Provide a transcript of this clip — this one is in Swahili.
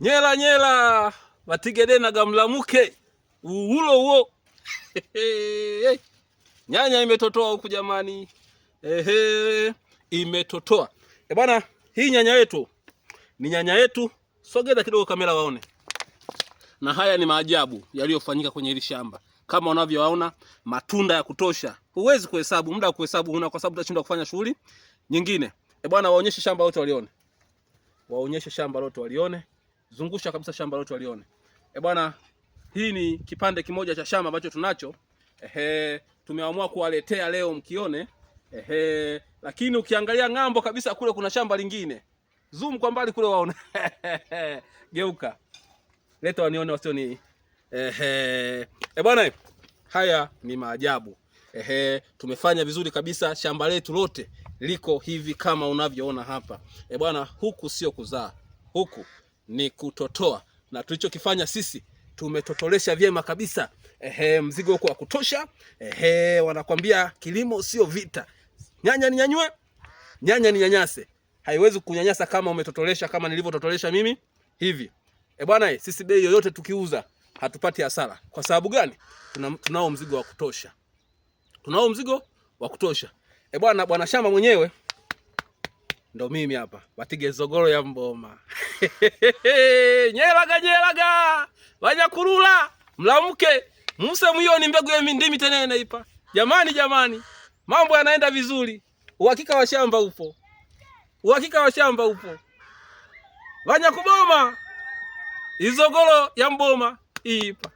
nyela nyela vatigede na gamlamuke uhulo uo nyanya imetotoa huku jamani, ehe, imetotoa e bwana. Hii nyanya yetu ni nyanya yetu. Sogeza kidogo kamera waone, na haya ni maajabu yaliyofanyika kwenye hili shamba kama unavyoona matunda ya kutosha, huwezi kuhesabu, muda wa kuhesabu huna, kwa sababu utashindwa kufanya shughuli nyingine. E bwana, waonyeshe shamba lote walione, waonyeshe shamba lote walione zungusha kabisa shamba lote walione. Eh, bwana, hii ni kipande kimoja cha shamba ambacho tunacho. Ehe, tumeamua kuwaletea leo mkione. Ehe, lakini ukiangalia ng'ambo kabisa kule kuna shamba lingine. Zoom kwa mbali kule waona. Geuka. Leta wanione wasioni. Ehe. Eh, bwana, haya ni maajabu. Ehe, tumefanya vizuri kabisa, shamba letu lote liko hivi kama unavyoona hapa. Eh, bwana, huku sio kuzaa. Huku ni kutotoa, na tulichokifanya sisi tumetotolesha vyema kabisa. Ehe, mzigo uko wa kutosha. Ehe, wanakwambia kilimo sio vita. Nyanya ni nyanywe nyanya ni nyanyase, haiwezi kunyanyasa kama umetotolesha, kama nilivyototolesha mimi hivi. E bwana, sisi bei yoyote tukiuza hatupati hasara. Kwa sababu gani? Tunao tuna mzigo wa kutosha, tunao mzigo wa kutosha. E bwana, bwana shamba mwenyewe ndo mimi hapa Zogoro ya mboma nyeraga nyeraga vajakurula mlamuke muse ni mbegu ya mindimi tenene ipa jamani jamani mambo yanaenda vizuri uhakika wa shamba upo uhakika wa shamba upo vanyakuboma izogoro ya mboma ipa